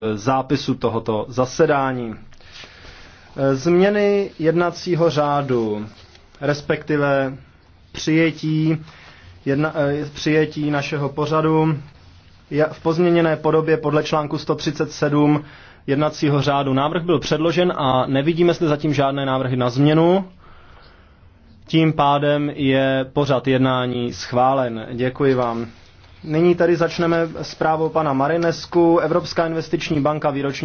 E, zápisu tohoto zasedání. E, změny jednacího řádu, respektive přijetí, jedna, e, přijetí našeho pořadu v pozměněné podobě podle článku 137 jednacího řádu. Návrh byl předložen a nevidíme zde zatím žádné návrhy na změnu. Tím pádem je pořad jednání schválen. Děkuji vám. Nyní tady začneme zprávou pana Marinesku. Evropská investiční banka výroční